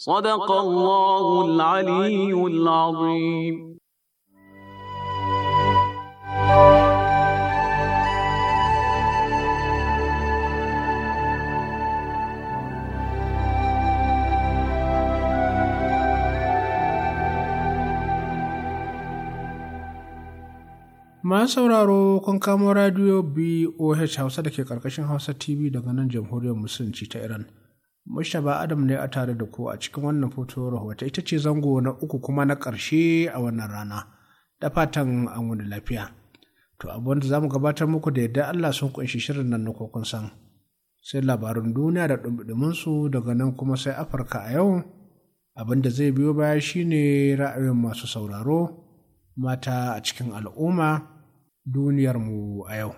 صدق الله العلي العظيم masu sauraro kun kamo radiyo boh hausa da ke ƙarƙashin hausa tv daga nan jamhuriyar musulunci ta iran Mushaba Adam ne a tare da ku a cikin wannan foto rahoto ita ce zango na uku kuma na ƙarshe a wannan rana da fatan an wani lafiya. To abin da za mu gabatar muku da yadda Allah sun kunshi shirin nan na kokon san sai labarin duniya da ɗumɗumin su daga nan kuma sai Afirka a yau abin da zai biyo baya shine ra'ayin masu sauraro mata a cikin al'umma duniyarmu a yau.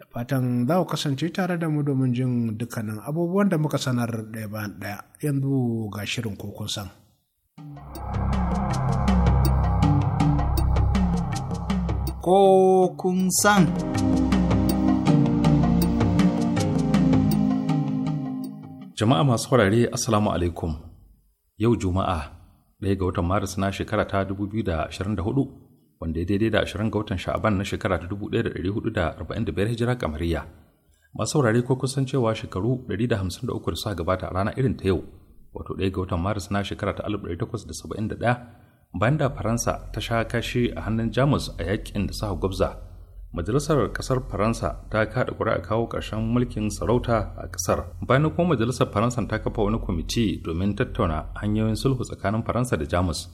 Da fatan za ku kasance tare da mu domin jin dukkanin abubuwan da muka sanar ɗaya bayan ɗaya yanzu ga shirin kokunsan. san. kun san. Jama'a masu horare Assalamu alaikum. Yau Juma'a, ɗaya ga watan Maris na shekara ta 2024 wanda ya daidai da 20 ga watan sha'aban na shekara ta 1445 hijira kamariya masu saurare ko kusan cewa shekaru 153 da suka gabata a rana irin ta yau wato ɗaya ga watan maris na shekara ta 1871 bayan da faransa ta sha kashi a hannun jamus a yakin da sahu gwabza majalisar kasar faransa ta kaɗa kada a kawo ƙarshen mulkin sarauta a ƙasar. bayan kuma majalisar faransa ta kafa wani kwamiti domin tattauna hanyoyin sulhu tsakanin faransa da jamus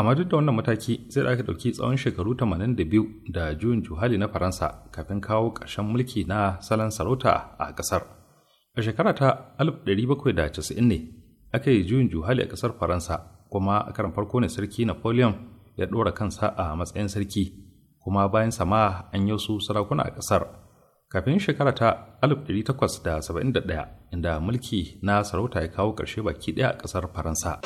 amma duk da wannan mataki sai da aka ɗauki tsawon shekaru 82 da juyin juhali na faransa kafin kawo ƙarshen mulki na salon sarauta a ƙasar a shekara ta 1790 ne aka yi juyin juhali a ƙasar faransa kuma a karan farko ne sarki napoleon ya ɗora kansa a matsayin sarki kuma bayan sama an yi su sarakuna a ƙasar kafin shekara ta 1871 inda mulki na sarauta ya kawo ƙarshe baki ɗaya a ƙasar faransa.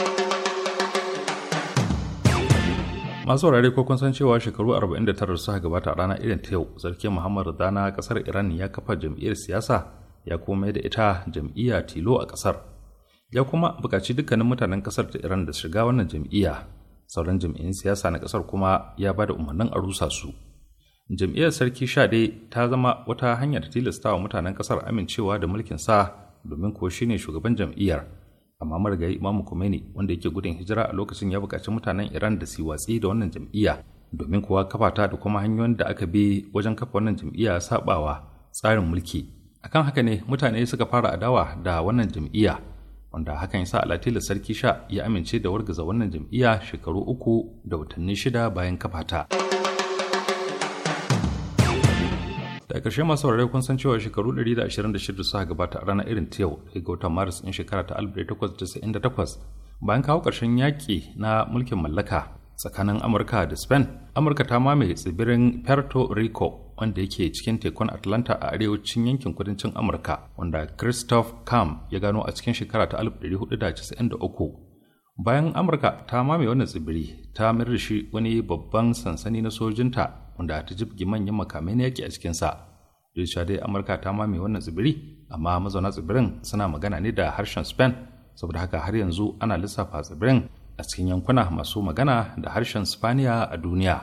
masu wurare ko kun san cewa shekaru 49 suka gabata a ranar irin ta yau sarki muhammad Zana kasar iran ya kafa jam'iyyar siyasa ya kuma da ita jam'iyya tilo a kasar ya kuma "bukaci dukkanin mutanen kasar ta iran da shiga wannan jam'iyya sauran jam'iyyun siyasa na kasar kuma ya ba da umarnin a rusa su jam'iyyar sarki shade ta zama wata hanyar tilastawa mutanen kasar amincewa da mulkin sa domin ko shine shugaban jam'iyyar amma marigayi imamu Khomeini wanda yake gudun hijira a lokacin ya buƙaci mutanen iran da su watsi da wannan jam'iyya domin kuwa kafa da kuma hanyoyin da aka bi wajen kafa wannan jam'iyya sabawa tsarin mulki akan haka ne mutane suka fara adawa da wannan jam'iyya wanda hakan ya sa alatila sarki sha ya amince da wargaza wannan jam'iyya shekaru uku da watanni shida bayan kafa ta. da ƙarshe masu saurare kun san cewa shekaru 126 suka gabata a ranar irin ta yau daga watan maris in shekara ta 1898 bayan kawo ƙarshen yaƙi na mulkin mallaka tsakanin amurka da spain amurka ta mame tsibirin puerto rico wanda yake cikin tekun atlanta a arewacin yankin kudancin amurka wanda christoph kam ya gano a cikin shekara ta 1493 bayan amurka ta mame wannan tsibiri ta mayar da shi wani babban sansani na sojinta wanda ta jibgi manyan makamai na yaƙi a cikinsa duk sha dai amurka ta mame wannan tsibiri amma mazauna tsibirin suna magana ne da harshen spain saboda haka har yanzu ana lissafa tsibirin a cikin yankuna masu magana da harshen spaniya a duniya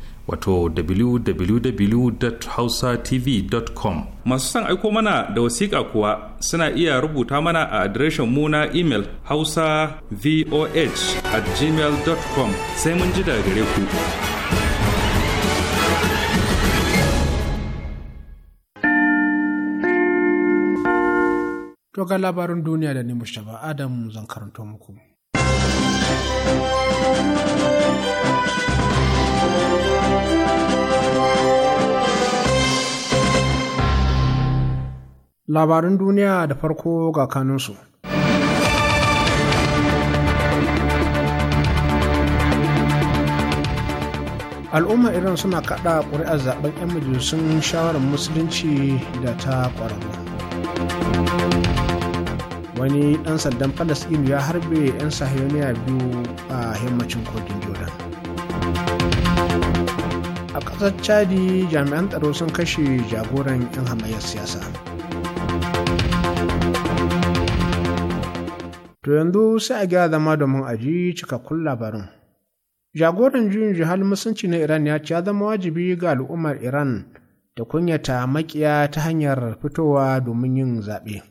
wato www.hausatv.com masu son aiko mana da wasiƙa kuwa suna iya rubuta mana a adireshin mu na imel hausa voh at gmail.com sai mun ji daga gare ku To ga labarin duniya da ni shaba Adam zan karanto muku. Labarin duniya da farko ga kanunsu. Al'umma Iran suna kaɗa ƙuri'ar zaɓen 'yan majalisun shawarar musulunci da ta ƙwararru. Wani ɗan sandan Falasɗinu ya harbe 'yan sahiyoniya biyu a yammacin kogin Jordan. a ƙasar chadi jami'an tsaro sun kashe jagoran 'yan hamayyar siyasa to yanzu sai a gyara zama domin a ji cikakkun labarin jagoran juyin jihar musulunci na iran ya ce ya zama wajibi ga al'ummar iran da kunyata makiya ta hanyar fitowa domin yin zaɓe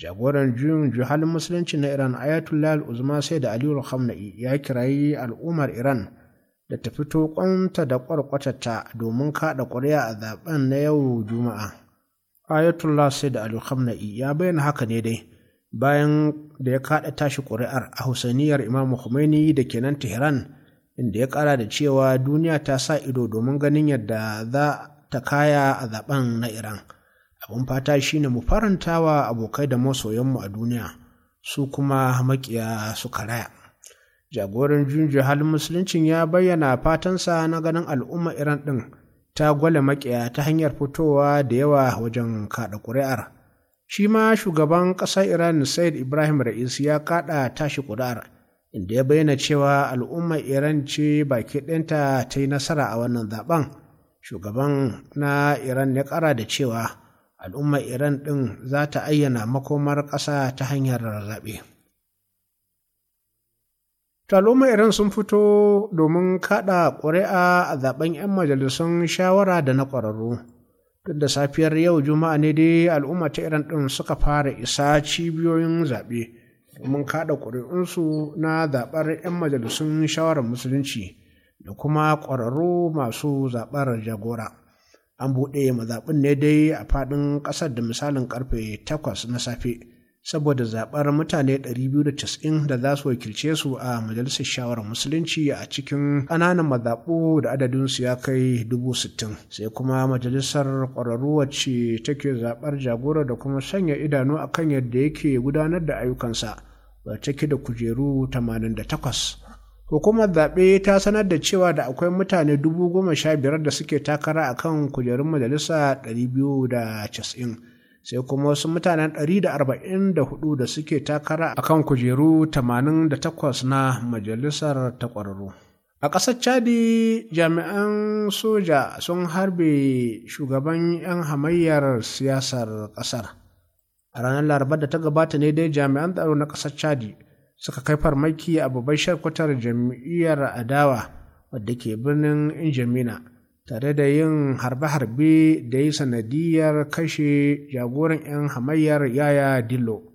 jagoran juyin jihar musulunci na iran ayatollah al'uzma sai da aliyu ya kirayi al'ummar iran da ta fito kwanta da kwarkwatata domin kaɗa ƙuri'a a zaben na yau juma'a ayatollah sai da khamenei ya bayyana haka ne dai bayan da ya kaɗa tashi ƙuri'ar a husaniyar imam khomeini da kenan tehran inda ya kara da cewa duniya ta sa ido domin ganin yadda za ta kaya a zaben na iran abin fata shine mu farantawa abokai da masoyanmu a duniya su kuma makiya su karaya jagoran junjin halin musuluncin ya bayyana fatansa na ganin al'umma iran ɗin ta gwale makiya ta hanyar fitowa da yawa wajen kaɗa ƙuri'ar shi ma shugaban ƙasar iran said ibrahim ra'is ya kaɗa tashi ƙuri'ar inda ya bayyana cewa al'umma iran ce baki ɗinta ta yi nasara a wannan zaben shugaban na iran ya ƙara da cewa al'umma iran ɗin za ta ayyana makomar ƙasa ta hanyar zaɓe. Taloma Iran sun fito domin kaɗa ƙuri'a a zaben 'yan majalisun shawara da na ƙwararru. Tun da safiyar yau Juma'a ne dai al'umma ta Iran ɗin suka fara isa cibiyoyin zaɓe domin kaɗa ƙuri'unsu na zaɓar 'yan majalisun shawarar musulunci da kuma ƙwararru masu zaɓar jagora. An buɗe mazaɓin ne dai a faɗin ƙasar da misalin ƙarfe takwas na safe. saboda zaɓar mutane 290 da za su wakilce su a majalisar shawarar musulunci a cikin ƙananan mazaɓu da adadinsu ya kai 60,000 sai kuma majalisar ƙwararru wacce take zaɓar jagora da kuma sanya idanu a kan yadda yake gudanar da ayyukansa ba take da kujeru 88 hukumar zaɓe ta sanar da cewa da akwai mutane dubu goma sha biyar da suke takara a kan kujerun majalisa 290 sai kuma wasu mutanen 144 da suke takara a kan kujeru 88 na majalisar ta ƙwararru. A ƙasar Chadi jami'an soja sun harbe shugaban 'yan hamayyar siyasar ƙasar. A ranar Laraba da ta gabata ne dai jami'an tsaro na ƙasar Chadi suka kai farmaki a babbar shakwatar jam'iyyar adawa wadda ke birnin Injamina. tare da yin harbe-harbe da yi sanadiyar kashe jagoran 'yan hamayyar yaya dillo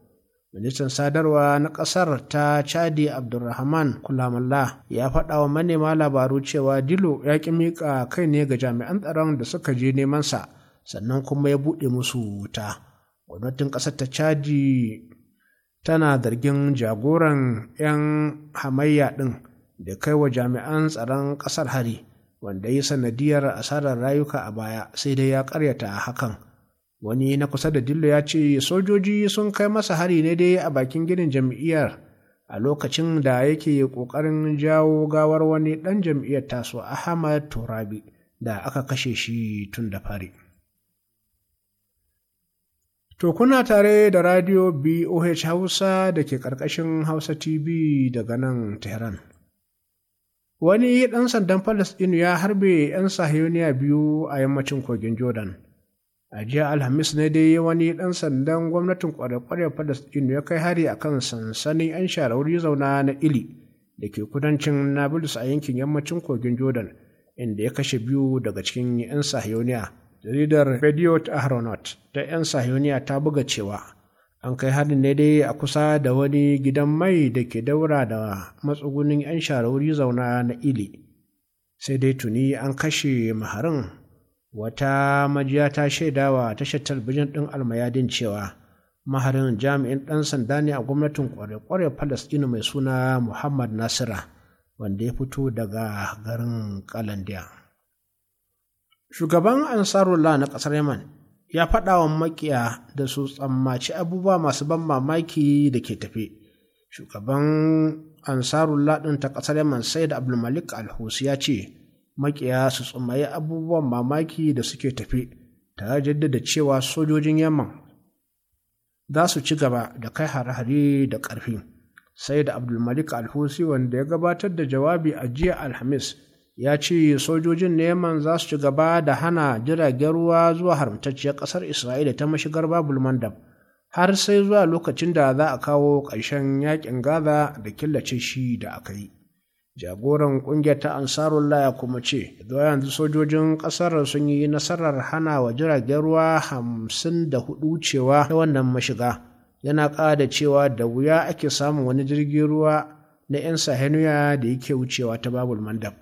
ministan sadarwa na kasar ta chadi abdulrahman kulamalla ya faɗa wa manema labaru cewa dilo ya ƙi miƙa kai ne ga jami'an tsaron da suka je neman sa sannan kuma ya buɗe musu wuta gwamnatin ƙasar ta chadi tana zargin jagoran 'yan hamayya ɗin da kai wa jami'an tsaron ƙasar hari wanda ya sanadiyar asarar rayuka a baya sai dai ya karyata a hakan wani na kusa da dillo ya ce sojoji sun kai masa hari ne dai a bakin ginin jam'iyyar a lokacin da yake ƙoƙarin jawo gawar wani ɗan jam'iyyar taso ahmad turabi da aka kashe shi tun da fari to kuna tare da radio boh hausa da ke ƙarƙashin hausa tv daga nan tehran wani ɗan sandan Falasɗinu ya harbe 'yan sahiyoniya biyu a yammacin kogin Jordan. A jiya Alhamis ne dai wani ɗan sandan gwamnatin kware-kware Falasɗinu ya kai hari akan sansanin 'yan shahararri zauna na Ili da ke kudancin Nablus a yankin yammacin kogin Jordan, inda ya kashe biyu daga cikin 'yan sahiyoniya. Jaridar Radio Ahronot ta 'yan sahiyoniya ta buga cewa an kai harin ne dai a kusa da wani gidan mai da ke daura da matsugunin 'yan sharauri zauna na ili sai dai tuni an kashe maharin wata majiya ta shaidawa tashar talbijin ɗin almayadin cewa maharin jami'in ɗan sanda ne a gwamnatin ƙware-ƙware kware palestina mai suna muhammad nasira wanda ya fito daga garin kalandiya shugaban ansarullah na ƙasar yaman ya faɗa wa makiya da su tsammaci abubuwa masu ban mamaki da ke tafe shugaban ansarun ɗin ta ƙasar yaman sai da abdulmalik alhusi ya ce makiya su tsumayi abubuwan mamaki da suke tafe tare jaddada cewa sojojin yaman za su ci gaba da kai hare-hare da ƙarfi sai da abdulmalik alhusi wanda ya gabatar da jawabi a jiya alhamis ya ce sojojin neman za su ci gaba da hana jiragen ruwa zuwa haramtacciyar ƙasar isra'ila ta mashigar babul mandam har sai zuwa lokacin da za a kawo ƙarshen yakin gaza da killace shi da aka yi jagoran ƙungiyar ta ansarullah ya kuma ce zuwa yanzu sojojin ƙasar sun yi nasarar hana wa jiragen ruwa hamsin da hudu cewa ta wannan mashiga yana ƙada cewa da wuya ake samun wani jirgin ruwa na 'yan sahenuya da yake wucewa ta babul mandab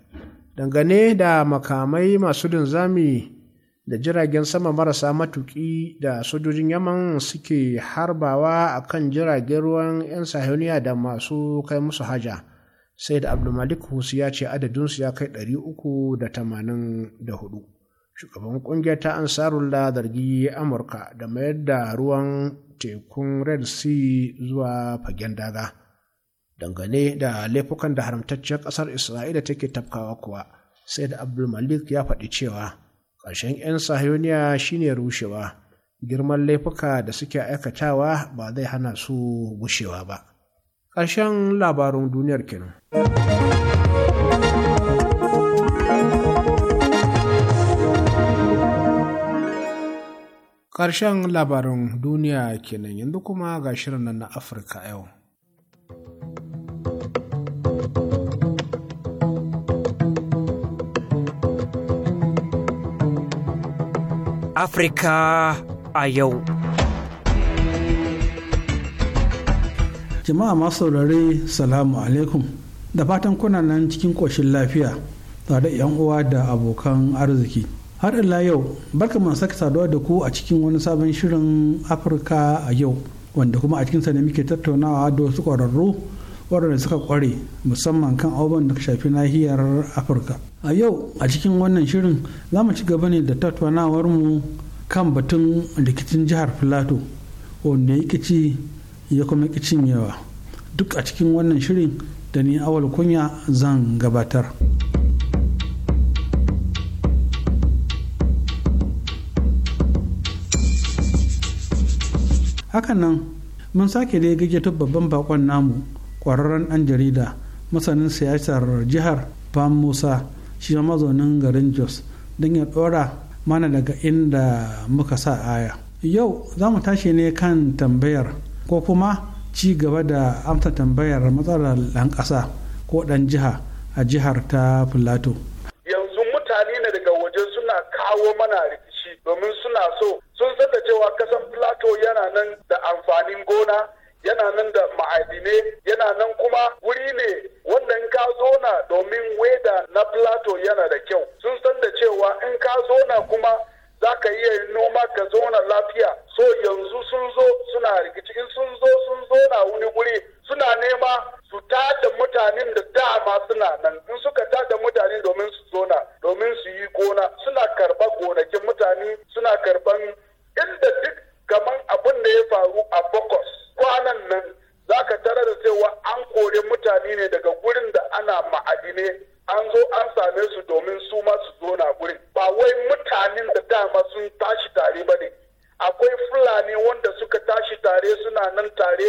dangane da makamai masu linzami da jiragen sama marasa matuki da sojojin yaman suke harbawa a kan jiragen ruwan 'yan sahiyoniya da masu kai musu haja sai da abdulmalik husi ya ce adadinsu ya kai 384 shugaban kungiyar ta ansarula zargi amurka da mayar da ruwan tekun red sea zuwa fagen daga dangane da laifukan da haramtaccen ƙasar isra'ila take tafkawa kuwa sai da abdul malik ya faɗi cewa ƙarshen 'yan sahiyoniya shine rushewa girman laifuka da suke aikatawa ba zai hana su gushewa ba ƙarshen labarin duniyar kenan. ƙarshen labarin duniya kenan yanzu kuma ga shirin nan na afirka yau Afirka a yau. Jama'a masu saurari salamu alaikum da fatan kuna nan cikin ƙoshin lafiya tare da uwa da abokan arziki. Har ila yau, barka mu sake saduwa da ku a cikin wani sabon shirin Afirka a yau, wanda kuma a cikinsa ne muke tattaunawa da wasu ƙwararru waɗanda suka ƙware musamman kan abubuwan da shafi nahiyar afirka a yau a cikin wannan shirin za mu ci gaba ne da tattaunawar mu kan batun rikicin jihar filato wanda ya kici ya kuma ki yawa duk a cikin wannan shirin da ni awal kunya zan gabatar hakanan mun sake da ya babban bakon namu kwararren ɗan jarida masanin siyasar jihar Bam Musa shi mazaunin garin Jos don ya ɗora mana daga inda muka sa aya. Yau za mu tashi ne kan tambayar ko kuma ci gaba da amsa tambayar matsalar ɗan ƙasa ko ɗan jiha a jihar ta Filato. Yanzu mutane ne daga waje suna kawo mana rikici domin suna so sun san da cewa kasan Filato yana nan da amfanin gona yana nan da ma'adinai yana nan kuma wuri ne wanda in ka zona domin weda na plato yana da kyau sun san da cewa in ka na kuma za ka iya noma ka zona lafiya so yanzu sun zo suna rikici in sun zo sun na wani wuri suna nema su ta da mutanen da dama suna nan in suka ta da mutane domin su zona domin su yi gona suna karɓar gonakin mutane suna karban inda duk kamar abin da ya faru a bokos kwanan nan za ka tare da cewa an kore mutane ne daga gurin da ana ma'adine an zo an same su domin su ma su zo na gurin ba wai mutanen da dama sun tashi tare ba ne akwai fulani wanda suka tashi tare suna nan tare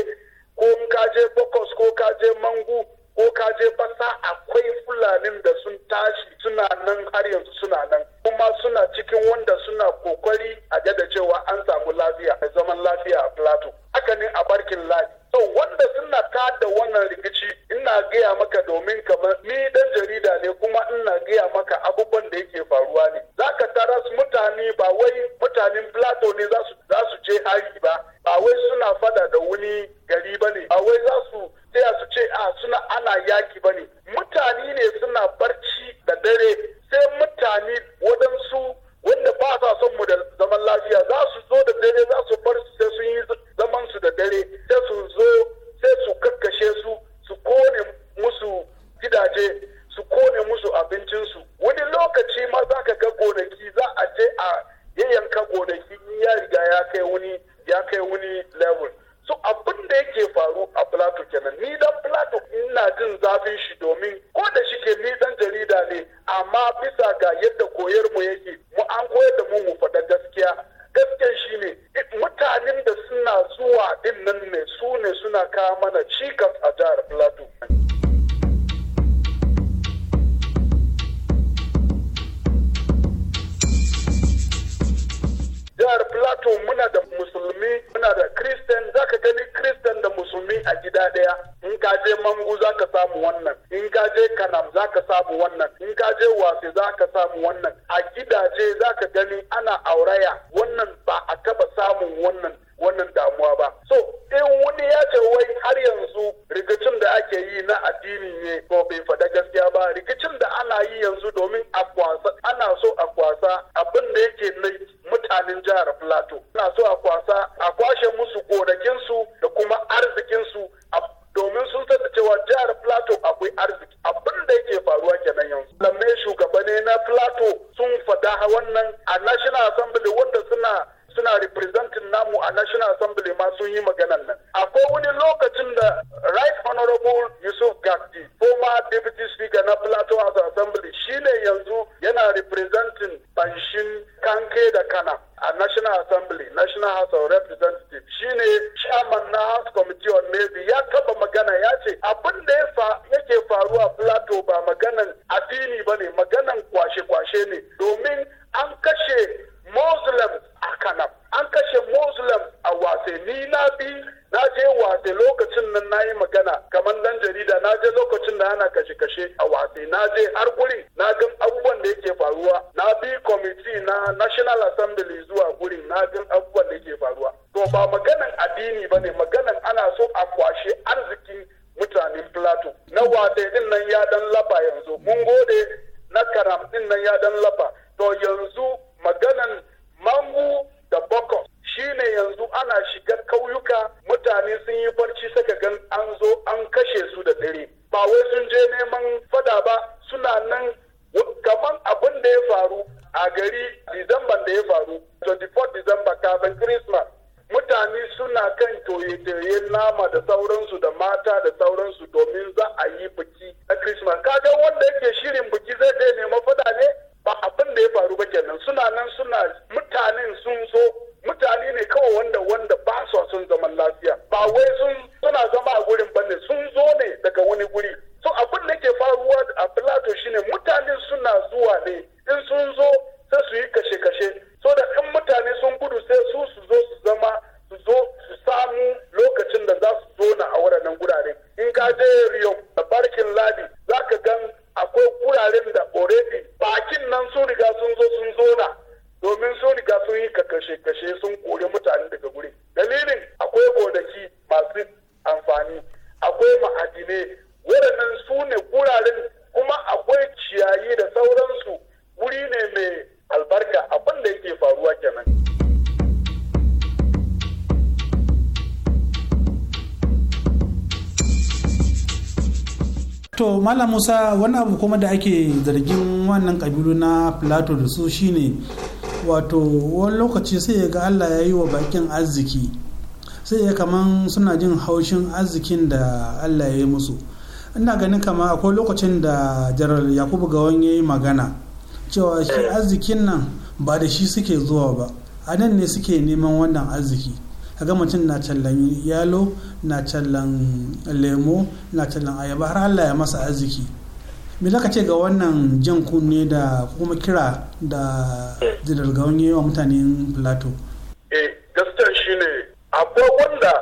ko in ka je bokos ko kaje mangu ko ka je basa akwai fulanin da sun tashi suna nan har yanzu suna nan kuma suna cikin wanda suna kokari a da cewa an samu lafiya da zaman lafiya a plateau haka ne a barkin lafiya so wanda suna da wannan rikici ina gaya maka domin kamar ni dan jarida ne kuma ina gaya maka abubuwan da yake faruwa ne Za ka tara su mutane ba wai mutanen plato ne za su je hari ba ba wai suna fada da wani gari ba ne ba wai za su tsaya su ce a ah, suna ana yaki ba ne mutane ne suna barci da dare sai mutane wadansu wanda ba sa son mu da zaman lafiya ce abin da yake faruwa plato ba maganan addini ba ne maganan kwashe-kwashe ne domin an kashe muslim a kanan an kashe muslim a wase ni na bi na je wase lokacin nan na yi magana kamar dan jarida na je lokacin da ana kashe-kashe a wase na je har kenan to malam musa wani abu kuma da ake zargin wannan kabilu na plato da su shine wato wani lokaci sai ya ga allah ya yi wa bakin arziki sai ya kaman suna jin haushin arzikin da allah ya yi musu ina ganin kama akwai lokacin da jarar yakubu gawon ya yi magana cewa shi eh. arzikin nan ba da shi suke zuwa ba a nan ne suke neman wannan arziki kaga mutum na tallan yalo na tallan lemo na tallan ayaba har allah ya masa arziki me zaka ce ga wannan jan kunne da kuma kira da zidar gaunye wa mutanen plato eh gaskiya ne. akwai wanda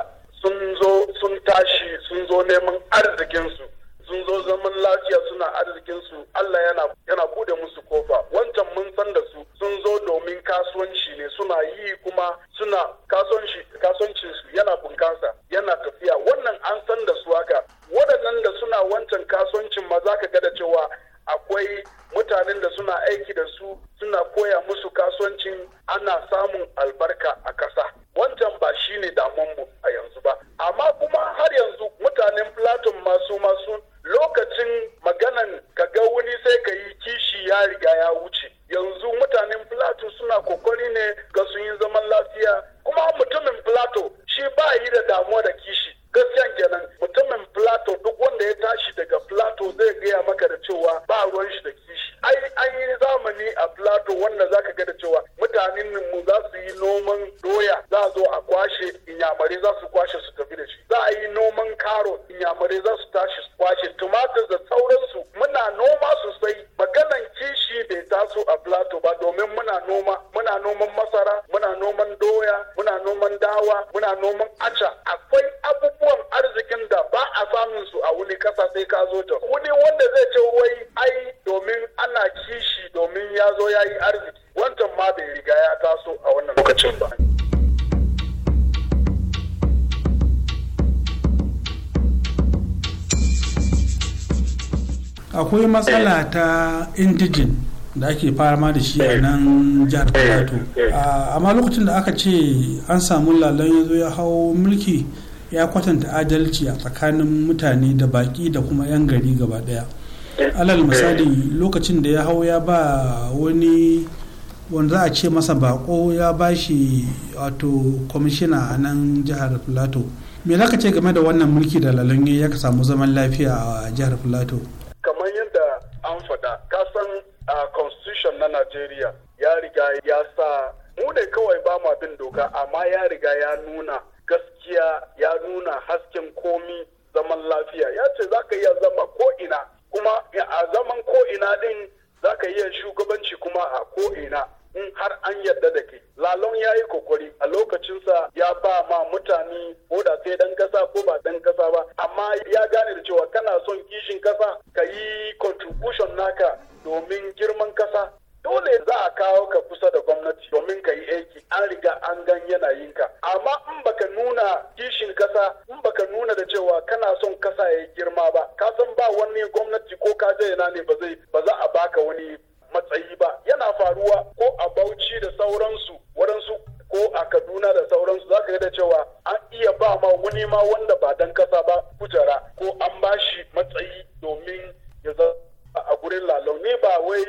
sun zo sun tashi sun zo neman arzikinsu sun zo zaman lafiya suna arzikin su Allah yana yana bude musu kofa wancan mun san da su sun zo domin kasuwanci ne suna yi kuma suna kasuwanci kasuwancin su yana bunkasa yana tafiya wannan an san da su haka waɗannan da suna wancan kasuwancin ma za ka ga da cewa akwai mutanen da suna aiki da su suna koya musu kasuwancin ana samun albarka a ƙasa wancan ba shine ne damuwanmu a yanzu ba amma kuma har yanzu mutanen platon masu masu lokacin maganan ka ga wani sai ka yi kishi ya riga ya wuce yanzu mutanen plateau suna kokari ne ga sun yi zaman lafiya kuma mutumin plateau shi ba yi da damuwa da kishi gaskiyan kenan mutumin plateau duk wanda ya tashi daga plateau zai gaya maka da cewa ba ruwan shi da kishi ai an yi zamani a plateau wanda za ka ga da cewa mutanen mu za su yi noman doya za a zo a kwashe inyamare za su kwashe su tafi da shi za a yi noman karo inyamare za su tashi doctors are akwai matsala eh. ta indijin da ake fama da shi a eh. nan jihar eh. plateau ah, amma lokacin da aka ce an samu lalon ya zo ya hau mulki ya kwatanta adalci a tsakanin mutane da baki da kuma 'yan gari gaba daya alal misali lokacin da ya hau ya ba wani wanda za a ce masa bako ya ba shi wato kwamishina a nan jihar plateau me za ka ce game da wannan mulki da lalon ya ka samu zaman lafiya a jihar plateau sauransu waɗansu ko a kaduna da sauransu za ka ga da cewa an iya ba ma wani ma wanda ba dan kasa ba kujera ko an ba shi matsayi domin ya a gurin lalau ni ba wai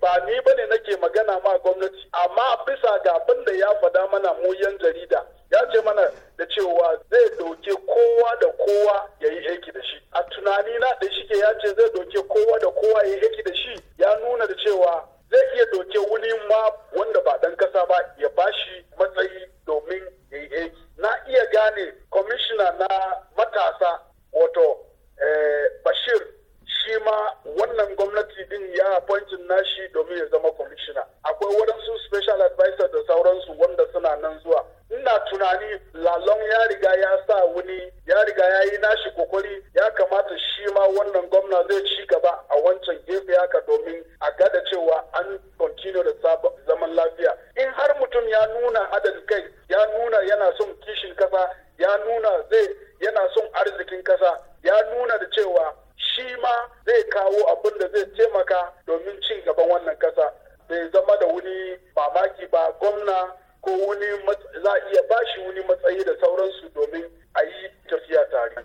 ba ni ba ne nake magana ma gwamnati amma bisa ga abin da ya faɗa mana mu yan jarida ya ce mana da cewa zai doke kowa da kowa ya yi aiki da shi a tunani na da shi ke ya ce zai doke kowa da kowa ya yi aiki da shi ya nuna da cewa zai iya doke wani ma wanda ba dan kasa ba ya bashi matsayi domin ya yi aiki na iya gane kwamishina na matasa wato eh, bashir shi ma wannan gwamnati din ya appointin nashi domin ya zama kwamishina akwai waɗansu special advisor da sauransu wanda suna nan zuwa ina tunani lalon ya riga ya sa wani ya riga ya yi nashi kokari ya kamata shi ma wannan gwamna zai ci gaba a wancan gefe haka domin a gada cewa an continue da zaman lafiya in har mutum ya nuna adal kai ya nuna yana son kishin kasa ya nuna zai yana son arzikin kasa ya nuna da cewa shi ma zai kawo abin da zai taimaka domin cin gaban wannan kasa bai zama da wani mamaki ba gwamna ko wani za iya bashi wani matsayi da sauransu domin a yi tafiya tare.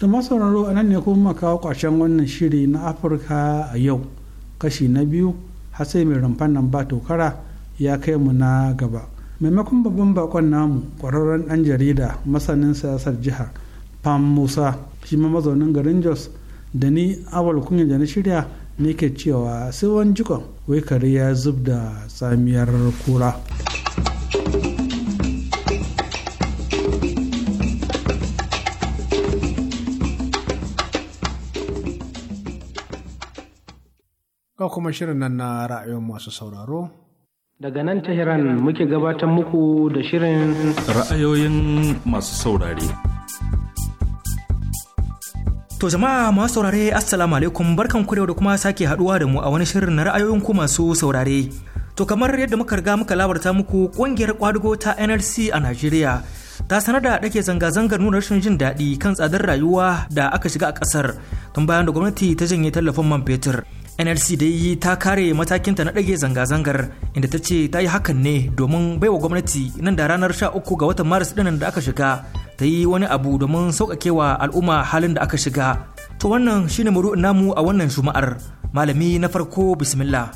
da masauraro a nan ne kuma kawo ƙarshen wannan shiri na afirka a yau kashi na biyu hasai mai rumfan nan ba tokara ya kai mu na gaba maimakon babban bakon namu kwararren dan jarida masanin siyasar jihar pam musa shi ma mazaunin garin jos da ni awal kunya da na shirya ne ke cewa sai wani jikon wai kare ya zub da samiyar kura ka kuma shirin nan na ra'ayin masu sauraro Daga nan Tehran muke gabatar muku da shirin ra'ayoyin masu saurare. To jama'a masu saurare assalamu alaikum barkan kurewa da kuma sake haduwa da mu a wani shirin na ra'ayoyin ku masu saurare. To kamar yadda muka riga muka labarta muku kungiyar kwadugo ta NLC a Najeriya ta sanar da dake zanga-zangar nuna rashin jin daɗi kan tsadar rayuwa da aka shiga a ƙasar tun bayan da gwamnati ta janye tallafin man fetur. nlc dai ta kare matakinta na ɗage zanga-zangar inda ta ce ta yi hakan ne domin baiwa gwamnati nan da ranar 13 ga watan maris ɗinan da aka shiga ta yi wani abu domin sauƙaƙewa al'umma halin da aka shiga to wannan shine muru'in namu a wannan juma'ar malami na farko bismillah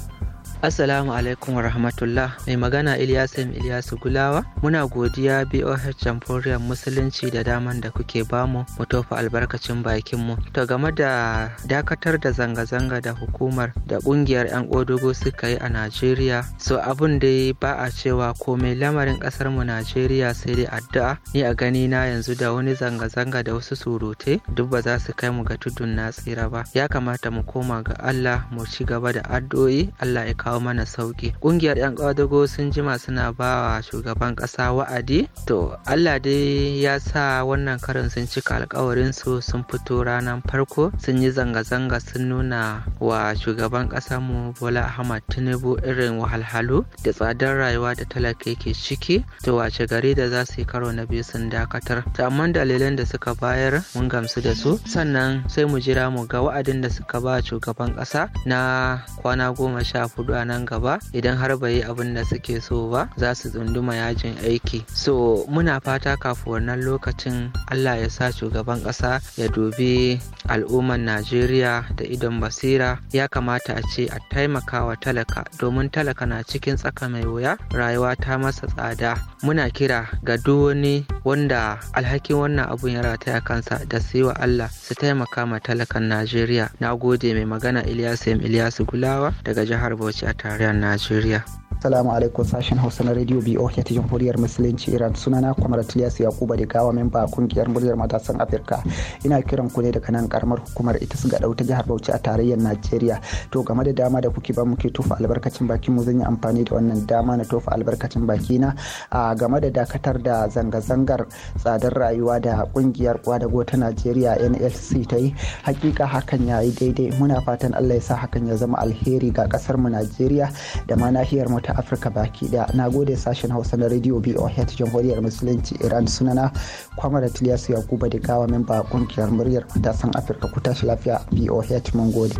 Assalamu alaikum wa rahmatullah. Mai magana Ilyasim Ilyasu Gulawa. Muna godiya BOH Jamhuriyar Musulunci da daman da kuke bamu mu tofa albarkacin bakinmu. To game da dakatar da zanga-zanga da hukumar da kungiyar 'yan odogo suka yi a Najeriya. So abun dai ba a cewa komai lamarin kasar mu Najeriya sai dai addu'a. Ni a gani na yanzu da wani zanga-zanga da wasu surute duk ba za su kai mu ga tudun na tsira ba. Ya kamata mu koma ga Allah mu ci gaba da addu'o'i Allah ya kawo mana sauki ƙungiyar 'yan kwadago sun jima suna ba wa shugaban ƙasa wa'adi to allah dai ya sa wannan karin sun cika alkawarin su sun fito ranar farko sun yi zanga-zanga sun nuna wa shugaban mu bola ahmad tinubu irin wahalhalu da tsadar rayuwa da talaka ke ciki to wace gari da za su yi karo na biyu sun dakatar ta amma dalilan da suka bayar mun gamsu da su sannan sai mu jira mu ga wa'adin da suka ba shugaban ƙasa na kwana goma sha hudu a nan gaba idan har bai yi abin da suke so ba za su tsunduma yajin aiki so muna fata kafin wannan lokacin allah ya sa shugaban ƙasa ya dubi al'ummar najeriya da idon basira ya kamata a ce a taimaka wa talaka domin talaka na cikin tsaka mai wuya rayuwa ta masa tsada muna kira ga wani wanda alhakin wannan abun ya rataya kansa da su wa allah su taimaka ma talakan najeriya na gode mai magana ilyas m ilyasu gulawa daga jihar bauchi a tarayyar Najeriya. Assalamu alaikum sashen Hausa na Radio ya ta Jamhuriyar Musulunci Iran sunana Kwamar Tiliyasu Yakuba da gawa memba kungiyar muryar matasan Afirka. Ina kiran ku ne daga nan karamar hukumar ita su ga ta jihar Bauchi a tarayyar Najeriya. To game da dama da kuke ba muke tofa albarkacin baki mu zan yi amfani da wannan dama na tofa albarkacin baki na a game da dakatar da zanga-zangar tsadar rayuwa da kungiyar kwadago ta Najeriya NLC ta yi. Hakika hakan ya yi daidai muna fatan Allah ya sa hakan ya zama alheri ga kasar mu Najeriya da ma nahiyar mu ta afirka baki daya na gode sashen hausa na radio ta jamhuriyar musulunci iran sunana kwamar tiliyasu yakuba da gawa memba kungiyar muryar matasan afirka ku tashi lafiya voh mun gode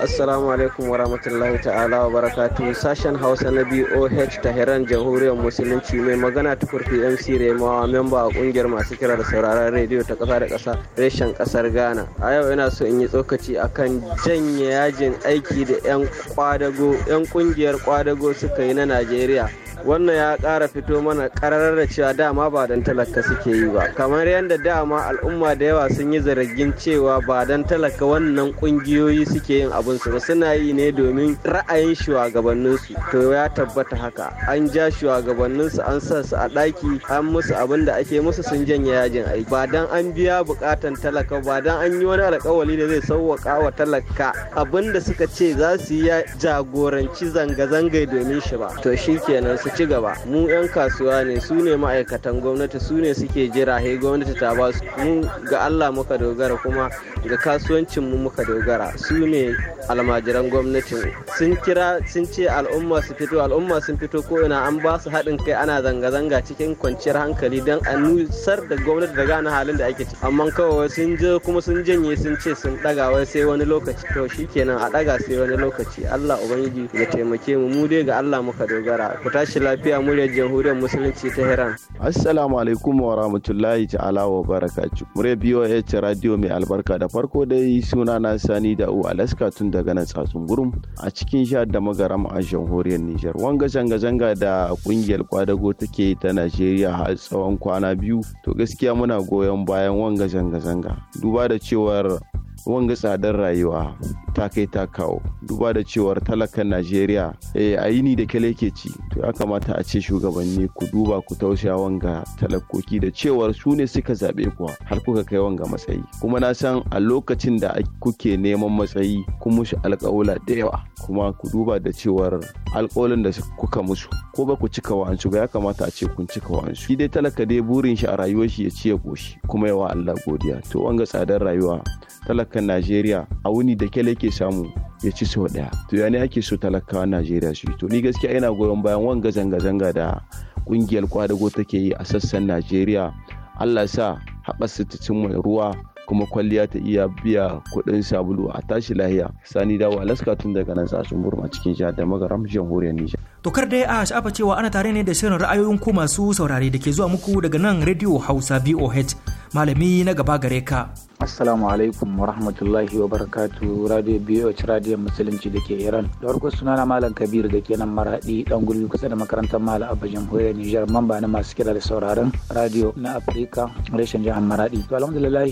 Assalamu alaikum wa rahmatullahi ta'ala wa barakatu. sashen Hausa na BOH Tahiran Jamhuriyar Musulunci mai magana tukurfi MC Remawa memba a kungiyar masu kira da sauraron rediyo ta kasa da kasa reshen kasar Ghana. A yau ina so in yi tsokaci akan janye yajin aiki da 'yan kwadago 'yan kungiyar kwadago suka yi na Najeriya wannan ya kara fito mana kararar da cewa dama ba don talaka suke yi ba kamar yadda dama al'umma da yawa sun yi zargin cewa ba don talaka wannan kungiyoyi suke yin abin su suna yi ne domin ra'ayin shugabannin su to ya tabbata haka an ja shugabannin su an sa su a ɗaki an musu abin da ake musu sun janye yajin aiki ba dan an biya bukatan talaka ba dan an yi wani alƙawari da zai sauwaka wa talaka abin da suka ce za su yi jagoranci zanga-zanga domin shi ba to shikenan su ci gaba mu 'yan kasuwa ne su ne ma'aikatan gwamnati su ne suke jira he gwamnati ta ba su mu ga allah muka dogara kuma ga kasuwancin mu muka dogara su ne almajiran gwamnatin sun kira sun ce al'umma su fito al'umma sun fito ko ina an ba su haɗin kai ana zanga-zanga cikin kwanciyar hankali don a nusar da gwamnati da gane halin da ake ci. amma kawai sun je kuma sun janye sun ce sun ɗaga wai sai wani lokaci to shikenan a ɗaga sai wani lokaci allah ubangiji ya taimake mu mu dai ga allah muka dogara ku tashi tashi lafiya muryar jamhuriyar musulunci ta Iran. Assalamu alaikum wa rahmatullahi ta'ala wa barakatuh. Muryar BOH radio mai albarka da farko dai suna na Sani da U Alaska tun daga nan tsatsun gurum a cikin sha da magaram a jamhuriyar Nijar. Wanga zanga-zanga da kungiyar kwadago take ta Najeriya har tsawon kwana biyu to gaskiya muna goyon bayan wanga zanga-zanga. Duba da cewar wanga tsadar rayuwa ta kai ta kawo duba da cewar talakan najeriya eh, a ni da kyale ke ci to ya kamata a ce shugabanni ku duba ku tausaya wanga talakoki da cewar su ne suka zaɓe kuwa har kuka kai wanga matsayi kuma na san a lokacin da kuke neman matsayi kun musu alƙawula da yawa kuma ku duba da cewar alƙawalin da kuka musu ko ba ku cika wa'ansu ba ya kamata a ce kun cika wa'ansu shi dai talaka dai burin shi a rayuwar shi ya ci ya goshi. kuma yawa Allah godiya to wanga tsadar rayuwa talaka talakan najeriya a wuni da kele ke samu ya ci sau daya to ya ne ake so talakawa najeriya su to ni gaskiya ina goyon bayan wanga zanga-zanga da kungiyar kwadago take yi a sassan najeriya allah sa haɓasa ta cimma ruwa kuma kwalliya ta iya biya kuɗin sabulu a tashi lahiya sani dawo alaska tun daga nan tsatsun burma cikin jihar da magaram jamhuriyar nijar to kar dai a sha'afa cewa ana tare ne da shirin ra'ayoyin ku masu saurare da ke zuwa muku daga nan radio hausa BOH malami na gaba gare ka Assalamu alaikum wa rahmatullahi wa barakatu Radio BOH Radio Musulunci da ke Iran. Da farko na Malam Kabir da ke nan Maradi dan gurbi kusa da makarantar Malam Abba Jamhuriyar Nijar mamba na masu kira da sauraron radio na Afirka reshen jihar Maradi. To alhamdulillah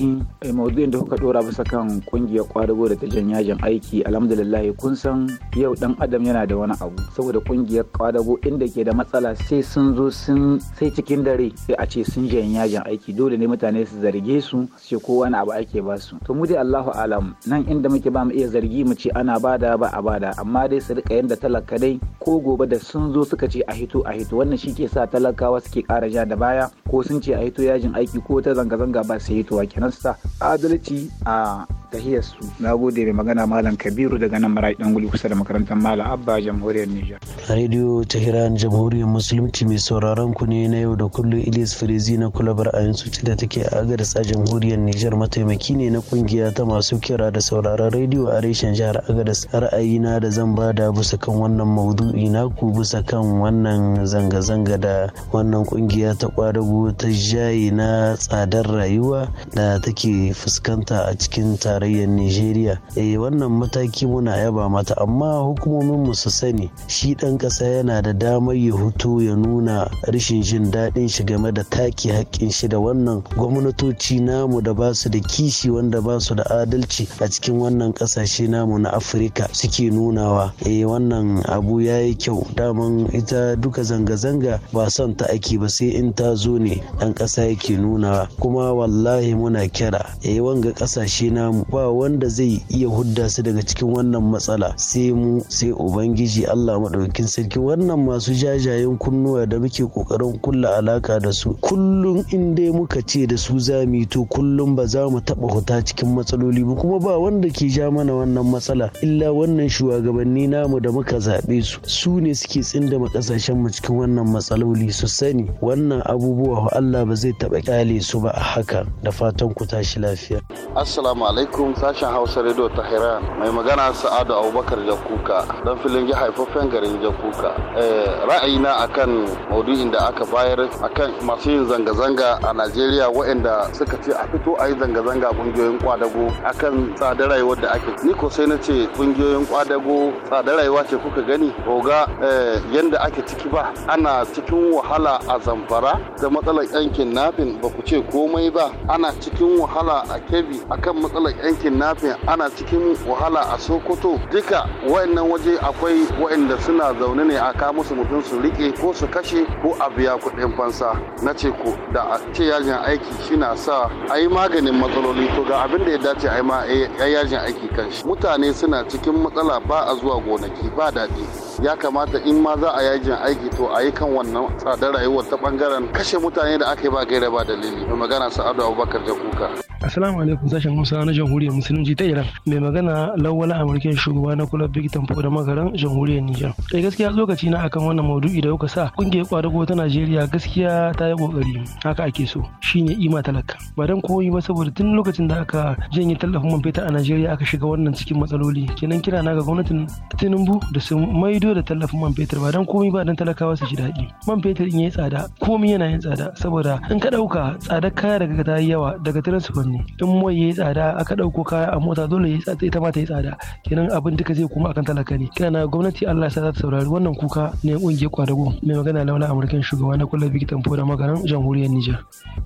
eh, maudu'in da kuka dora bisa kan kungiyar kwadago da ta jan yajin aiki alhamdulillah kun san yau dan adam yana da wani abu saboda kungiyar kwadago inda ke da matsala sai sun zo sun sai cikin dare sai a ce sun jan yajin aiki dole ne mutane su zarge su ce kowa abu abu ake ba su to mu dai Allahu alam nan inda muke ba mu iya zargi mu ce ana bada ba a bada amma dai su rika yanda talaka dai ko gobe da sun zo suka ce a hito a hito wannan shi ke sa talakawa suke kara ja da baya ko sun ce a hito yajin aiki ko ta zanga-zanga ba su hitowa kenan sa adalci a tahiyar su na gode mai magana malam kabiru daga nan marayi dan guli kusa da makarantar malam abba jamhuriyar nijar rediyo tehran jamhuriyar musulunci mai sauraron ku ne na yau da kullum ilis firizi na kulabar a yanzu da take a agadas a jamhuriyar nijar mata mataimaki ne na kungiya ta masu kira da sauraron rediyo a reshen jihar agadas ra'ayina da zan bada bisa kan wannan maudu'i na ku bisa kan wannan zanga-zanga da wannan kungiya ta kwadago ta jayi na tsadar rayuwa da take fuskanta a cikin tarayyar nigeria eh wannan mataki muna yaba mata amma hukumomin mu su sani shi dan kasa yana da damar ya hutu ya nuna rashin jin daɗin shi game da take haƙƙin shi da wannan gwamnatoci namu da ba su da kishi wanda ba su da adalci a cikin wannan kasashe namu na afirka suke nunawa eh wannan abu ya yi kyau daman ita duka zanga-zanga ba son ta ake ba sai in ta zo ne dan kasa yake nunawa kuma wallahi muna kira eh wanga kasashe namu ba wanda zai iya hudda su daga cikin wannan matsala sai mu sai ubangiji allah maɗaukin sarki wannan masu jajayen kunnuwa da muke ƙoƙarin kulla alaka da su kullum in dai muka ce da su za to kullum ba za mu huta cikin matsaloli ba kuma ba wanda ke ja mana wannan matsala illa wannan shugabanni namu da muka zaɓe su su ne suke tsindama ƙasashen mu cikin wannan matsaloli su sani wannan abubuwa Allah ba zai taɓa ƙyale su ba a haka da fatan ku tashi lafiya. Assalamu alaikum sashen Hausa Radio hira mai magana Sa'adu Abubakar Jakuka dan filin ji haifaffen garin Jakuka. Eh, ra'ayina akan maudu'in da aka bayar akan masu yin zanga-zanga a Najeriya waɗanda suka ce a fito a yi zanga-zanga zanga-zanga kungiyoyin kwadago akan tsadar rayuwar da ake ni ko sai na ce kungiyoyin kwadago tsadar rayuwa ce kuka gani oga eh, yanda ake ciki ba ana cikin wahala a zamfara da matsalar yankin nafin ba ku ce komai ba ana cikin wahala a kebi akan matsalar yankin nafin ana cikin wahala a sokoto duka wayannan waje akwai wayanda suna zaune ne a ka musu mutum su rike ko su kashe ko a biya kuɗin fansa na ce ko da a ce yajin aiki shi na sa a yi maganin matsalar matsaloli to ga abin da ya dace a ma eh, a yajin aiki kan shi mutane suna cikin matsala ba a zuwa gonaki ba daɗi ya kamata in ma za a yajin aiki to a yi kan wannan tsadar rayuwar ta bangaren kashe mutane da aka yi ba gaira ba dalili mai magana sa'adu abubakar jakuka Assalamu alaikum sashen musa na Jamhuriyar Musulunci ta Iran. Mai magana Lawal Amurken shugaba na kula Big tampo da magaran Jamhuriyar Nijar. Eh gaskiya lokaci na akan wannan maudu'i da kuka sa kungiyar kwadago ta Najeriya gaskiya ta yi kokari haka ake so shine ima talaka. Ba dan komai ba saboda tun tun lokacin da aka janye tallafin man fetur a Najeriya aka shiga wannan cikin matsaloli kenan kira na ga gwamnatin Tinubu da su maido da tallafin man fetur ba dan komai ba dan talakawa su ji daɗi man fetur in yayi tsada komai yana yin tsada saboda in ka dauka tsada kaya daga ta yi yawa daga transfer ne in mai yayi tsada aka ɗauko kaya a mota dole yayi tsada ita ma ta yi tsada kenan abin duka zai kuma akan talaka ne kira na gwamnati Allah ya sa za ta saurari wannan kuka ne kungiyar kwadago mai magana laula amurkan shugaba na kullabi kitan fura magaran jamhuriyar Nijar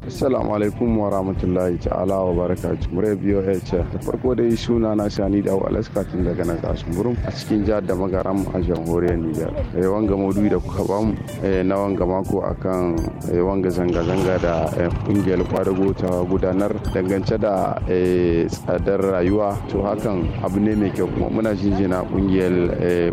assalamu alaikum wa rahmatullahi ta'ala wa baraka jumre biyo h da farko yi suna na shani da alaska tun daga nan a cikin jihar da magaram a jamhuriyar niger eh, wanga maudu'i da kuka bamu eh, na wanga mako akan eh, wanga zanga-zanga da kungiyar kwadago ta gudanar dangance da tsadar rayuwa to hakan abu ne mai kyau kuma muna jinjina kungiyar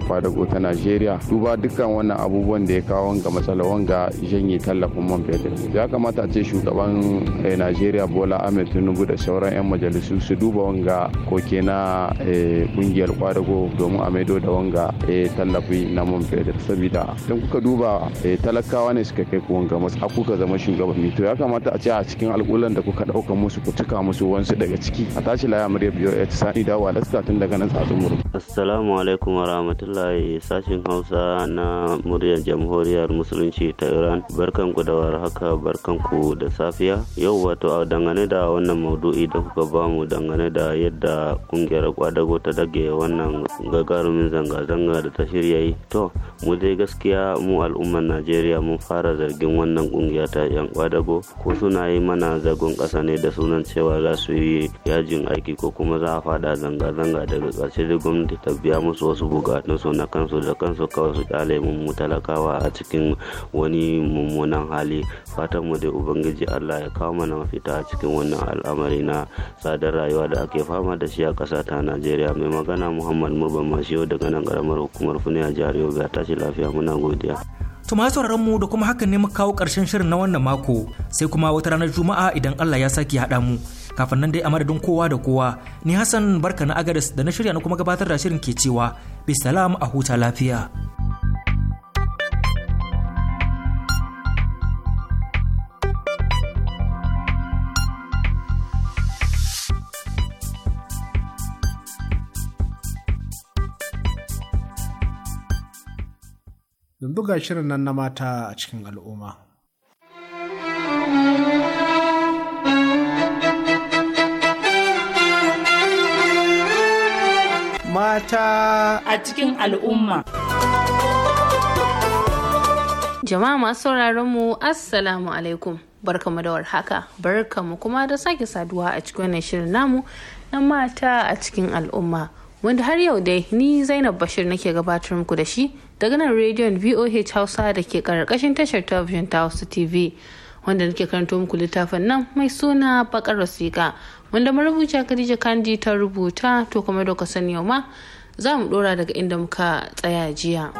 kwadago ta najeriya duba dukkan wannan abubuwan da ya kawo wanga matsala wanga janye tallafin man fetur ya kamata ce shugaban najeriya bola ahmed tinubu da sauran 'yan majalisu su duba wanga koke na kungiyar eh, kwadago domin a maido da wanga eh, tallafi na man fetur saboda don kuka duba eh, talakawa ne suka kai ku wanga masu kuka zama shugabanni to ya kamata a ce a cikin alƙulan da kuka ɗauka musu ku cika musu wansu daga ciki a tashi laya murya biyo ya ci sani dawa laska tun daga nan tsatsun murmu. assalamu alaikum wa rahmatullahi sashen hausa na muryar jamhuriyar musulunci ta iran barkanku da warhaka barkanku da safiya yau wato a dangane da wannan maudu'i da kuka ba mu dangane da yadda kungiyar kwadago ta dage wannan gagarumin zanga-zanga da ta shirya yi to mu dai gaskiya mu al'ummar najeriya mun fara zargin wannan kungiya ta yan kwadago ko suna yi mana zagon kasa ne da sunan cewa za su yi yajin aiki ko kuma za a fada zanga-zanga daga ƙarshe da gwamnati ta biya musu wasu bukatunsu na kansu da kansu kawai su kyale mu talakawa a cikin wani mummunan hali fatan mu dai ubangiji allah ya kawo mana mafita a cikin wannan al'amari al'amari na tsadar rayuwa da ake fama da shi a ƙasa ta najeriya mai magana muhammad murban masiyo daga nan karamar hukumar fune a jihar yobe ta tashi lafiya muna godiya To masu mu da kuma hakan ne mu kawo ƙarshen shirin na wannan mako sai kuma wata ranar Juma'a idan Allah ya sake haɗa mu. Kafin nan dai a madadin kowa da kowa ni Hassan barka na Agaris da na shirya na kuma gabatar da shirin ke cewa bisalam a huta lafiya. buga ga shirin nan na mata a cikin al'umma. Mata a cikin al'umma. Jama'a masu sauraron mu Assalamu alaikum. Barkamu da warhaka, barkamu kuma da sake saduwa a cikin wannan shirin namu na mata a cikin al'umma. Wanda har yau dai ni Zainab Bashir nake gabatar muku da shi daga nan rediyon voh hausa da ke karkashin tashar television ta hausa tv wanda nake karanto muku littafin nan mai suna bakar wasiƙa wanda marubuciya khadija kandi ta rubuta to kuma da ka sani yau ma za mu dora daga inda muka tsaya jiya.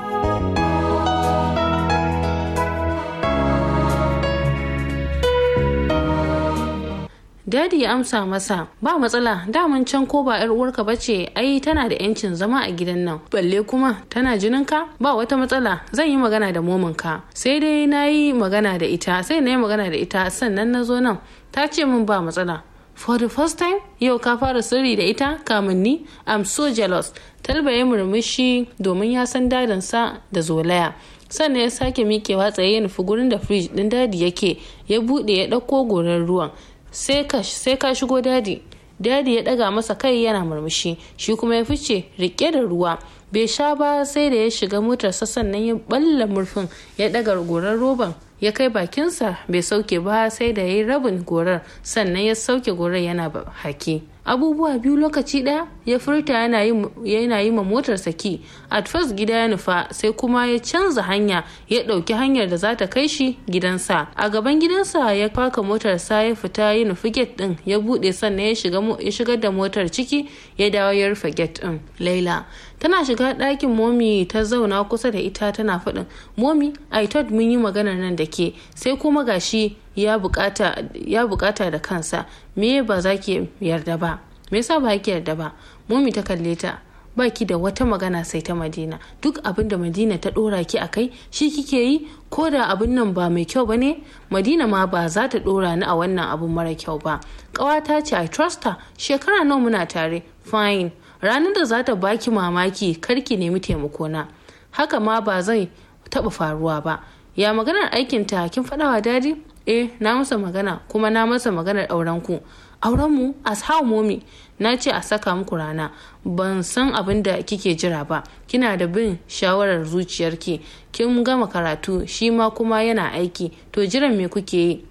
dadi ya amsa masa ba matsala daman can ko ba yar uwarka bace ai tana da yancin zama a gidan nan balle kuma tana jininka ba wata matsala zan yi magana da ka. sai dai na yi magana da ita sai na yi magana da ita sannan na zo nan ta ce min ba matsala for the first time yau ka fara sirri da ita kamun ni i'm so jealous talba ya murmushi domin ya san sa da zolaya sannan ya sake mikewa tsaye ya nufi gurin da fridge din dadi yake ya buɗe ya ɗauko goran ruwan sai ka shigo dadi dadi ya daga masa kai yana murmushi shi kuma ya fice rike da ruwa bai sha ba sai da ya shiga motarsa sannan ya balla murfin ya daga gorar roban ya kai bakinsa bai sauke ba sai da ya yi rabin gorar sannan ya sauke gorar yana haki abubuwa biyu lokaci ɗaya ya furta yana yi ma motarsa ki at first gida ya nufa sai kuma ya canza hanya ya ɗauki hanyar da za ta kai shi gidansa a gaban gidansa ya faka motarsa ya fita ya nufi gate ɗin ya buɗe sannan ya shigar da motar ciki ya dawo ya rufe gate ɗin laila tana shiga ɗakin momi ta zauna kusa da ita tana faɗin momi i thought mun yi maganar nan da ke sai kuma gashi ya bukata da kansa me ba za ki yarda ba me yasa ba ki yarda ba momi ta kalle ta ba ki da wata magana sai ta madina duk abin da madina ta ɗora ki a kai shi kike yi ko da abin nan ba mai kyau ne madina ma ba za ta ɗora ni a wannan abin mara kyau ba ƙawata ce i trust her shekara nawa muna tare fine ranar da za ta baki mamaki kar ki nemi taimako na haka ma ba zai taba faruwa ba ya maganar aikin ta kin faɗawa wa dadi eh na masa magana kuma na masa maganar auren ku auren mu as momi na ce a saka muku rana ban san abin da kike jira ba kina da bin shawarar zuciyarki kin gama karatu shi ma kuma yana aiki to jiran me kuke yi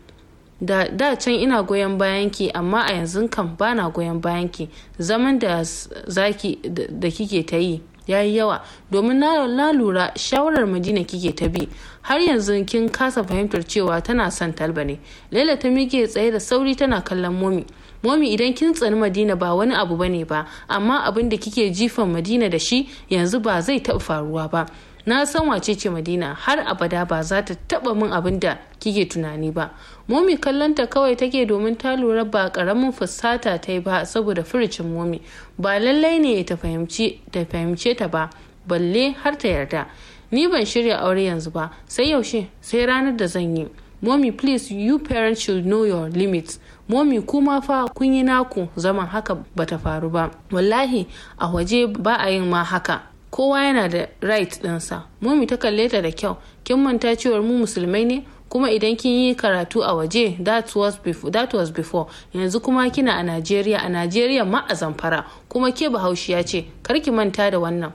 da da can ina goyon bayan ki amma a yanzu kam na goyon bayan ki zaman da zaki da kike ta yi ya yi yawa domin na lura shawarar madina kike ta bi har yanzu kin kasa fahimtar cewa tana son talba ne laila ta mike tsaye da sauri tana kallon momi momi idan kin tsani madina ba wani abu bane ba amma abin da kike jifan madina da shi yanzu ba zai taɓa faruwa ba na san wace ce madina har abada ba za ta taba min abin da kike tunani ba momi kallonta kawai take domin ta lura ba karamin fusata ta yi ba saboda furucin momi ba lallai ne ta fahimce ta ba balle har ta yarda ni ban shirya aure yanzu ba sai yaushe sai ranar da zan yi momi please you parents should know your limits momi kuma fa kun yi naku zaman haka bata faru ba wallahi a waje ba a yin ma haka kowa yana da right ɗinsa mumi ta kalle ta da kyau kin manta cewar mu musulmai ne kuma idan kin yi karatu a waje that was before, that was before. yanzu kuma kina a Najeriya a Najeriya ma a zamfara kuma ke ya ce kar ki manta da wannan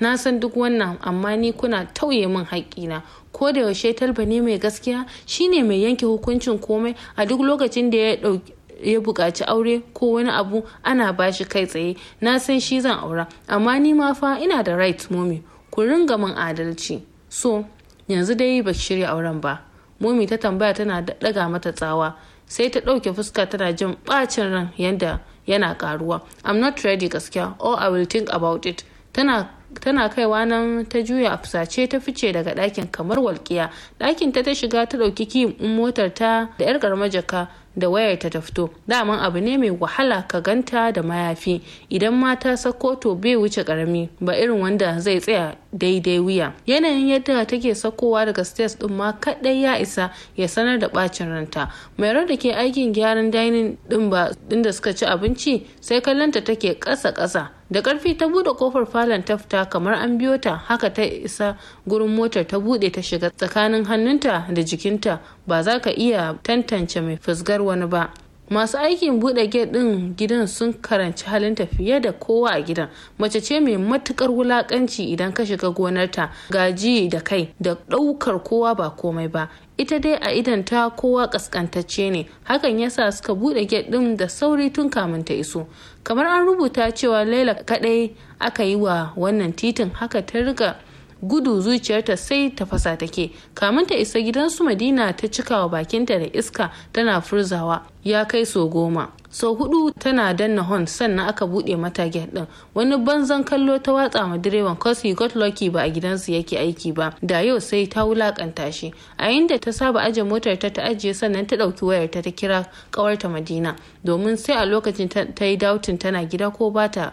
na san duk wannan amma ni kuna tauye min haƙƙina ko da yaushe talba ne mai gaskiya shine mai yanke hukuncin komai a duk lokacin da ya dauki. ya buƙaci aure ko wani abu ana bashi kai tsaye na san shi zan aura amma ni ma fa ina da right momi ku ringa min adalci so yanzu dai ba shirya auren ba momi ta tambaya tana daga mata tsawa sai ta ɗauke fuska tana jin bacin ran yadda yana karuwa i'm not ready gaskiya or i will think about it tana tana kaiwa nan ta juya a fusace ta fice daga ɗakin kamar walƙiya ɗakin ta ta shiga ta ɗauki kiyin motar ta da 'yar ƙaramar jaka da wayar ta fito daman abu ne mai wahala ka ganta da mayafi idan mata sako bai wuce karami ba irin wanda zai tsaya daidai wuya yanayin yadda take sakowa daga stes din ma kadai ya isa ya sanar da bacin ranta mai da ke aikin gyaran dining din ba inda da suka ci abinci sai kallonta take kasa-kasa da karfi ta bude kofar falon tafta kamar an biyo ta haka ta isa gurin motar ta bude ta shiga tsakanin hannunta da jikinta ba za ka iya tantance mai fusgar wani ba masu aikin buɗe gate ɗin gidan sun karanci halinta fiye da kowa a gidan mace ce mai matukar wulakanci idan ka shiga gonarta gaji da kai da ɗaukar kowa ba komai ba ita dai a idan ta kowa kaskantacce ne hakan yasa suka bude gate din da sauri tun kamun ta iso kamar an rubuta cewa laila kadai aka yi wa wannan titin haka ta riga gudu zuciyarta sai ta tafasa take kamin ta isa gidansu madina ta cikawa bakinta da iska tana furzawa ya kai so goma sau hudu tana danna hon sannan aka bude mata get din wani banzan kallo ta watsa ma direban cause got lucky ba a gidansu yake aiki ba da yau sai ta wulakanta shi a inda ta saba aje motar ta ta ajiye sannan ta dauki wayar ta ta kira kawarta madina domin sai a lokacin ta yi dautin tana gida ko bata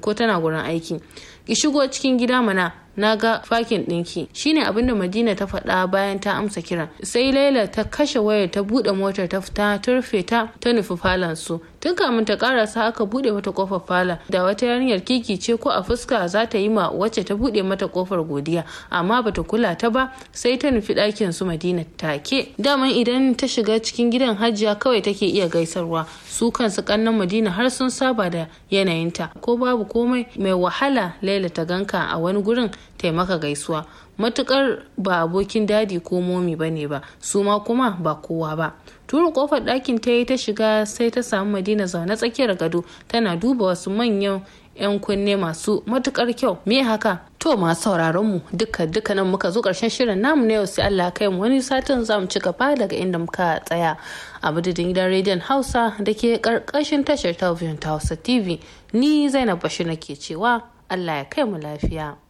ko tana gurin aiki ki shigo cikin gida mana na ga fakin ɗinki shine abin da madina ta faɗa bayan ta amsa kiran sai laila ta kashe wayar ta buɗe motar ta fita ta ta ta nufi falon su tun kamin ta karasa aka buɗe mata kofar fala da wata yarinyar kiki ce ko a fuska za ta yi ma wacce ta buɗe mata kofar godiya amma bata kula ta ba sai ta nufi ɗakin su madina take daman idan ta shiga cikin gidan hajiya kawai take iya gaisarwa su kansu kannan madina har sun saba da yanayinta ko babu komai mai wahala laila ta ganka a wani gurin taimaka gaisuwa matukar ba abokin dadi ko momi ba ne ba su ma kuma ba kowa ba turu kofar ɗakin ta yi ta shiga sai ta samu madina zaune tsakiyar gado tana duba wasu manyan 'yan kunne masu matukar kyau me haka to masu sauraron mu duka duka nan muka zo karshen shirin namu na yau sai Allah kai mu wani satin za mu ci gaba daga inda muka tsaya a madadin gidan rediyon Hausa da ke karkashin tashar talabijin ta Hausa TV ni Zainab Bashir nake cewa Allah ya kai mu lafiya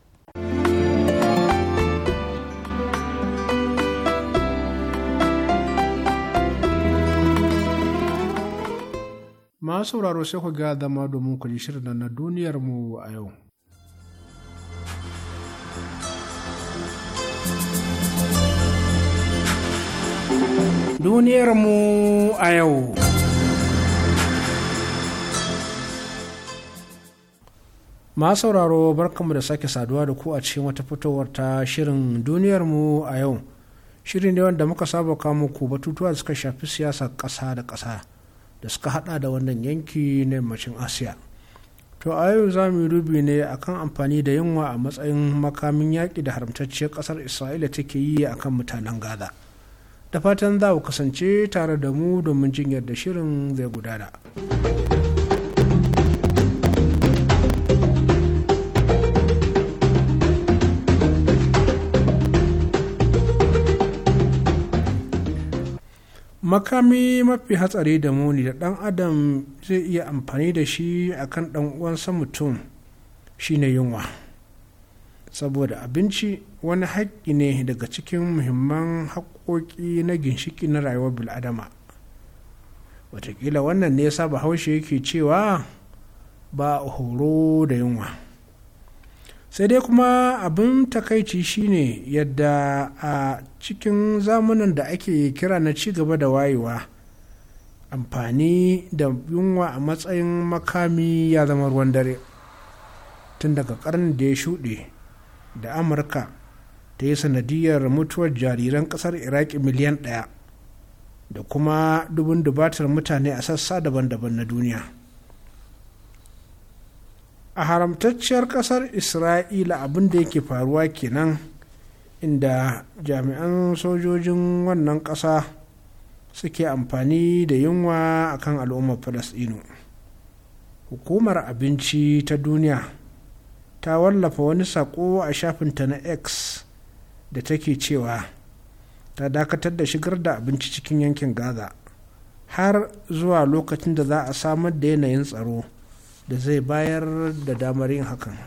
masu sauraro sai ku ga zama domin ku ji shirin na duniyarmu a yau. Duniyarmu a yau. ma sauraro barkanmu da sake saduwa da ku a cikin wata fitowar ta shirin duniyar mu a yau shirin ne wanda muka saba kamo ku batutuwa da suka shafi siyasa ƙasa da kasa da suka hada da wannan yanki na yammacin asiya to a yau za mu yi rubi ne akan amfani da yunwa a matsayin makamin yaƙi da haramtacciyar ƙasar isra'ila take yi akan mutanen gaza da fatan za ku kasance tare da mu domin jin yadda shirin zai gudana. makami mafi hatsari da muni da ɗan adam zai iya amfani da shi a kan uwansa mutum shine yunwa saboda abinci wani haƙƙi ne daga cikin muhimman haƙƙoƙi na ginshiƙi na rayuwar bil'adama watakila wannan ne ya bahaushe yake cewa ba horo da yunwa sai dai kuma abin takaici shine yadda a cikin zamanin da ake kira na ci gaba da wayewa amfani da yunwa a matsayin makami ya zama ruwan dare tun daga karni da ya shuɗe da amurka ta yi sanadiyar mutuwar jariran ƙasar iraki miliyan ɗaya da kuma dubun dubatar mutane a sassa daban-daban na duniya a haramtacciyar ƙasar isra'ila abin da yake faruwa kenan inda jami'an sojojin wannan ƙasa suke amfani da yunwa a kan al'ummar falasɗinu hukumar abinci ta duniya ta wallafa wani saƙo a shafinta na x da take cewa ta dakatar da shigar da abinci cikin yankin gaza har zuwa lokacin da za a samar da yanayin tsaro da zai bayar da damar yin hakan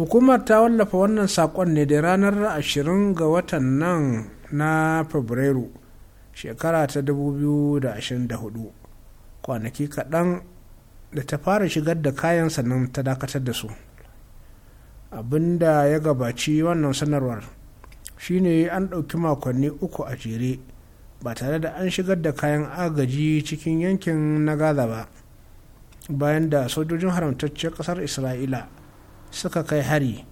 hukumar ta wallafa wannan sakon ne da ranar 20 ga watan nan na fabrairu shekara ta 2024 kwanaki kaɗan da ta fara shigar da kayan sannan ta dakatar da su abinda ya gabaci wannan sanarwar shine an ɗauki makonni uku a jere ba tare da an shigar da kayan agaji cikin yankin na gaza ba bayan da sojojin haramtacciyar ƙasar isra'ila suka kai hari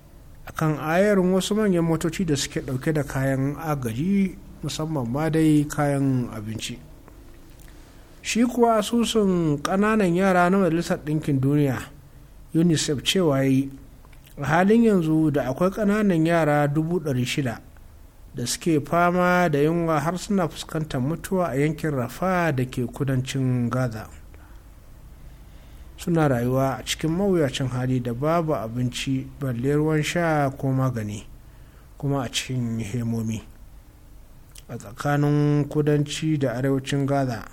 a kan ayarin wasu manyan motoci da suke dauke da kayan agaji musamman ma dai kayan abinci shi kuwa asusun kananan yara na majalisar ɗinkin duniya unicef cewa yi a halin yanzu da akwai kananan yara 600 da suke fama da yunwa har suna fuskantar mutuwa a yankin rafa da ke kudancin gaza suna rayuwa a cikin mawuyacin hali da babu abinci balle ruwan sha ko magani kuma a cikin hemomi a tsakanin kudanci da arewacin gaza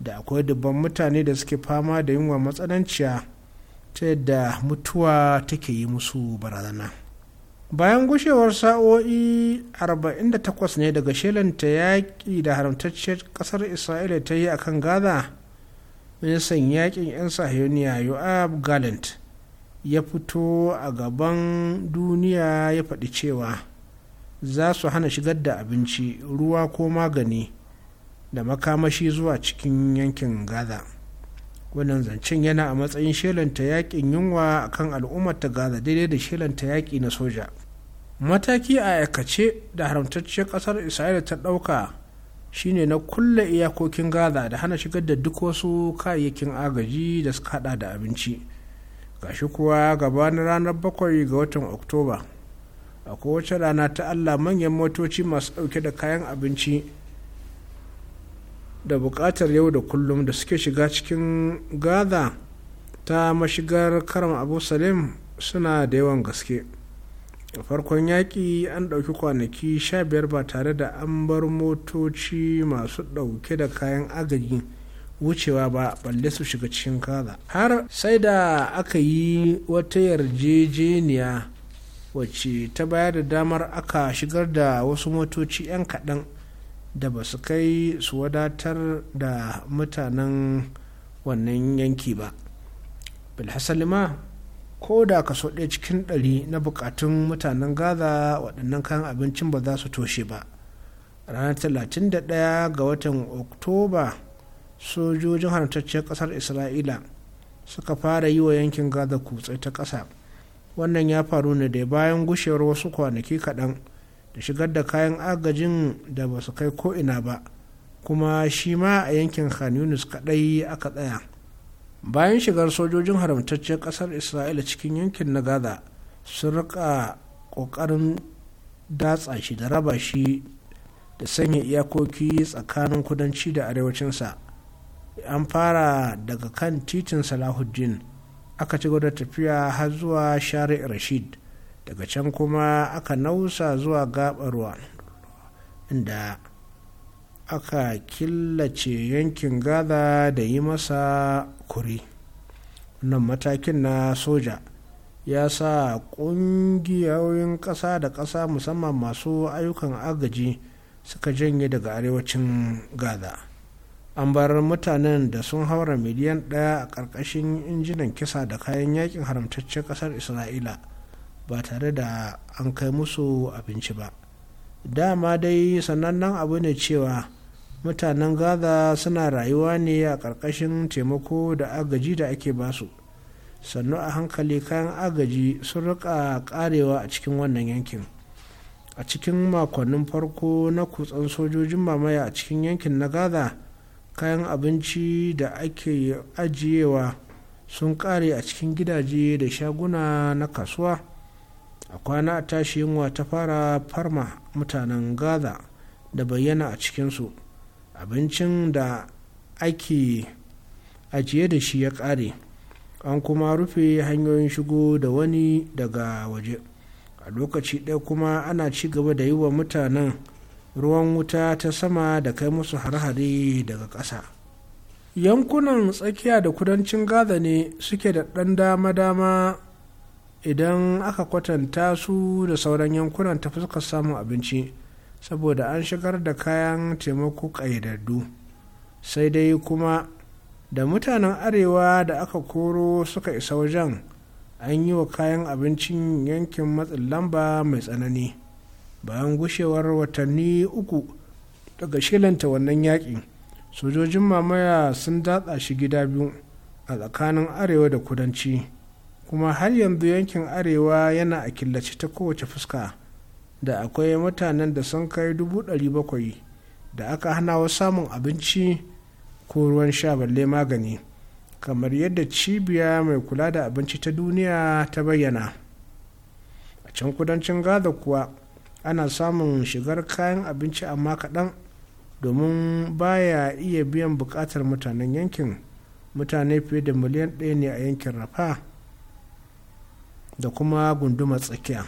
da akwai dubban mutane da suke fama da yunwa matsananciya ta yadda mutuwa take yi musu barazana bayan gushewar sa'o'i 48 ne daga shelanta yaƙi da haramtacciyar ƙasar isra'ila ta yi kan gaza ministan yakin 'yan sahiyoniya yoab gallant ya fito a gaban duniya ya faɗi cewa za su hana shigar da abinci ruwa ko magani da makamashi zuwa cikin yankin gaza wannan zancen yana a matsayin shelanta yakin yunwa a kan al'ummar ta gaza daidai da shelanta yaƙi na soja mataki a aikace da haramtacciyar ƙasar isra'ila ta ɗauka shine na kulle iyakokin gaza da hana shigar da duk wasu kayayyakin agaji da suka hada da abinci gashi kuwa gaba na ranar bakwai ga watan oktoba a kowace rana ta allah manyan motoci masu dauke da kayan abinci da bukatar yau da kullum da suke shiga cikin gaza ta mashigar karam abu salim suna da yawan gaske farkon yaƙi an ɗauki kwanaki 15 ba tare da an bar motoci masu ɗauke da kayan agaji wucewa ba balle su shiga cikin kaza har sai da aka yi wata yarjejeniya wacce ta bayar da damar aka shigar da wasu motoci 'yan kaɗan da ba su kai su wadatar da mutanen wannan yanki ba bilhassalima ko da kaso ɗaya cikin ɗari na bukatun mutanen gaza waɗannan kayan abincin ba za su toshe ba ranar 31 ga watan oktoba sojojin haramtacciyar ƙasar isra'ila suka fara yi wa yankin gaza kutse ta ƙasa wannan ya faru ne da bayan gushewar wasu kwanaki kaɗan da shigar da kayan agajin da ba su kai ko'ina ba kuma shi ma a yankin khan kaɗai aka tsaya bayan shigar sojojin haramtaccen kasar isra'ila cikin yankin na gaza sun rika kokarin datsa shi da raba shi da sanya iyakoki tsakanin kudanci da arewacinsa an fara daga kan titin salahuddin aka ci da tafiya har zuwa shari rashid daga can kuma aka nausa zuwa gabar ruwa inda aka killace yankin gaza da yi masa kuri wannan matakin na soja ya sa ƙungiyoyin ƙasa da ƙasa musamman masu ayyukan agaji suka janye daga arewacin gaza an bar mutanen da sun haura miliyan ɗaya a ƙarƙashin injinan kisa da kayan yakin haramtaccen ƙasar isra'ila ba tare da an kai musu abinci ba dama dai sanannen abu ne cewa mutanen gaza suna rayuwa ne a ƙarƙashin taimako da agaji da ake basu sannu a hankali kayan agaji sun rika karewa a cikin wannan yankin a cikin makonnin farko na kutsan sojojin mamaya a cikin yankin na gaza kayan abinci da ake ajiyewa sun kare a cikin gidaje da shaguna na kasuwa a kwana a tashi yunwa ta fara farma mutanen gaza da bayyana a cikinsu abincin da ake ajiye da shi ya ƙare an kuma rufe hanyoyin shigo da wani daga waje a lokaci ɗaya kuma ana ci gaba da yi wa mutanen ruwan wuta ta sama da kai musu har-hare daga ƙasa yankunan tsakiya da kudancin gaza ne suke da ɗan dama-dama idan aka kwatanta su da sauran yankunan ta fuskar samun abinci saboda an shigar da kayan taimako ƙaidaddu sai dai kuma da mutanen arewa da aka koro suka isa wajen an yi wa kayan abincin yankin matsin lamba mai tsanani bayan gushewar watanni uku daga shilanta wannan yaƙi sojojin mamaya sun datsa shi gida biyu a tsakanin arewa da kudanci kuma har yanzu yankin arewa yana a killace ta kowace fuska da akwai mutanen da sun kai dubu ɗari bakwai da aka hana wa samun abinci ko ruwan sha balle magani kamar yadda cibiya mai kula da abinci ta duniya ta bayyana a can kudancin gaza kuwa ana samun shigar kayan abinci amma kaɗan domin baya iya biyan buƙatar mutanen yankin mutane fiye da miliyan ɗaya ne a yankin rafa da kuma gunduma tsakiya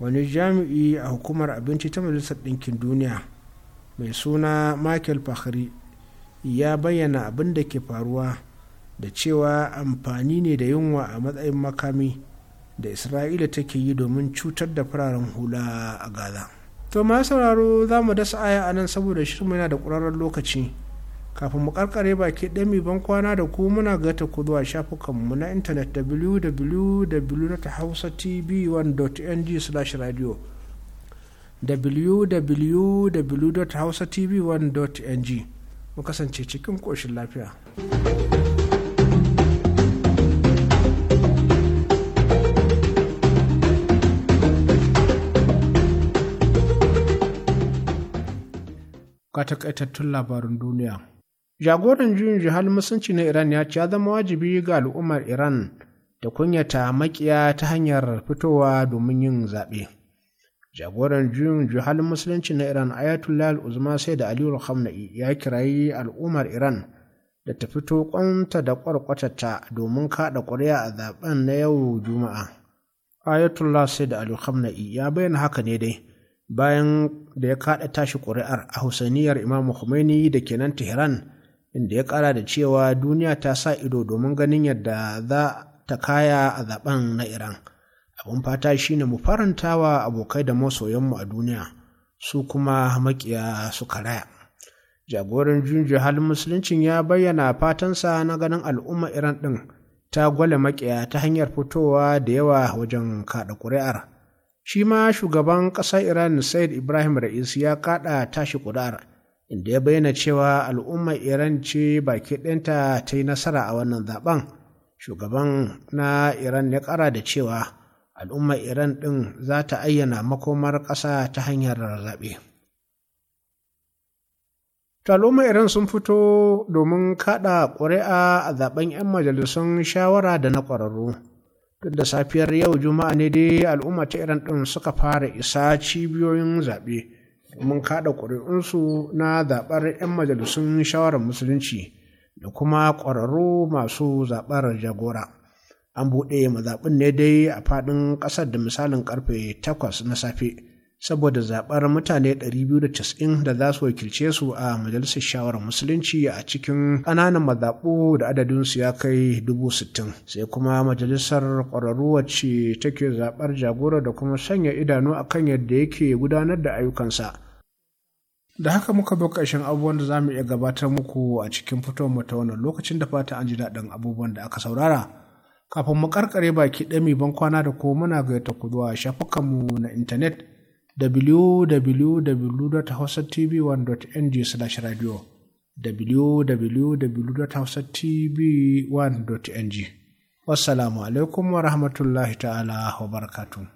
wani jami'i a hukumar abinci ta majalisar ɗinkin duniya mai suna michael fahri ya bayyana abin da ke faruwa da cewa amfani ne da yunwa a matsayin makami da isra'ila take yi domin cutar da fararen hula a gaza to ma sauraro za mu dasa aya a nan saboda shirma yana da ƙwararren lokaci kafin mu karkare baki ɗami ban kwana da ku muna gata ku zuwa shafukanmu na intanet www.hausatv1.ng/radio www.hausatv1.ng mu kasance cikin koshin lafiya. Ka taƙaitattun labarin duniya. jagoran juyin jihar musulunci na iran ya ce ya zama wajibi ga al'ummar iran da kunyata makiya ta hanyar fitowa domin yin zaɓe jagoran juyin jihar musulunci na iran ayatollah uzma sai da aliyu khamna'i ya kirayi al'ummar iran da ta fito kwanta da kwarkwatata domin kaɗa ƙuri'a a zaɓen na yau juma'a ayatollah sai da aliyu khamna'i ya bayyana haka ne dai bayan da ya kaɗa tashi ƙuri'ar a husaniyar imamu khomeini da ke nan tehran inda ya kara da cewa duniya ta sa ido domin ganin yadda za ta kaya a zaben na iran abin fata shine mu farantawa abokai da masoyanmu a duniya su kuma makiya su karaya jagoran junjo halin musuluncin ya bayyana fatansa na ganin al'umma iran ɗin ta gwale makiya ta hanyar fitowa da yawa wajen kaɗa ƙuri'ar shi ma shugaban ƙasar iran said ibrahim ra'isi ya kaɗa tashi ƙuri'ar inda ya bayyana cewa al'ummar iran ce baki ɗinta ta yi nasara a wannan zaben shugaban na iran ya ƙara da cewa al'ummar iran ɗin za ta ayyana makomar ƙasa ta hanyar zaɓe al'ummar iran sun fito domin kaɗa ƙuri'a a zaben 'yan majalisun shawara da na ƙwararru tun da safiyar yau juma'a ne dai al'ummar ta iran ɗin suka fara isa cibiyoyin zaɓe mun kada ƙuri'unsu na zaɓar 'yan majalisun shawarar musulunci da kuma ƙwararru masu zaɓar jagora an buɗe mazaɓin ne dai a faɗin ƙasar da misalin ƙarfe takwas na safe saboda zaɓar mutane 290 da za su wakilce su a majalisar shawarar musulunci a cikin ƙananan mazaɓu da adadinsu ya kai 60,000 sai kuma majalisar ƙwararru wacce take zaɓar jagora da kuma sanya idanu a kan yadda yake gudanar da ayyukansa da haka muka bi ƙarshen abubuwan da za mu iya gabatar muku a cikin fitowar mu ta wannan lokacin da fata an ji daɗin abubuwan da aka saurara. kafin mu karkare baki ɗami ban kwana da ko muna gayyata ku zuwa shafukanmu na intanet www.hausatv1.ng/radio www.hausatv1.ng Wassalamu alaikum wa rahmatullahi ta'ala wa barakatuh.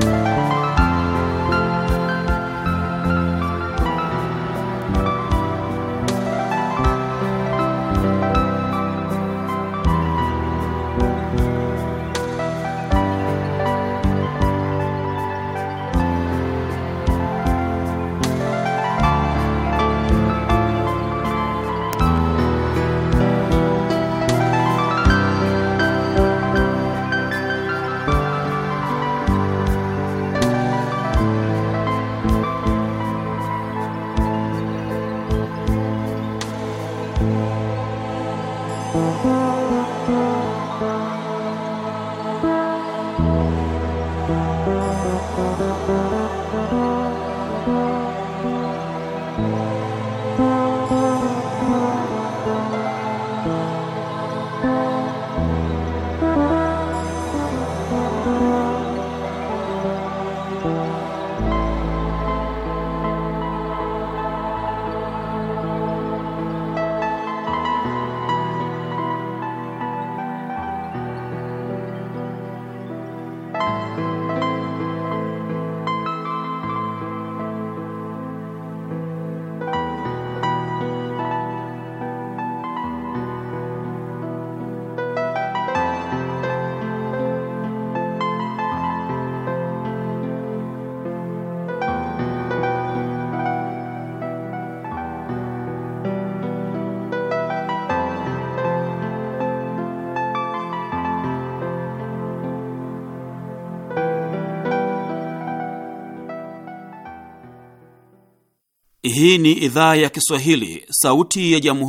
Bye. Hii ni idhaa ya Kiswahili, sauti ya jamhuri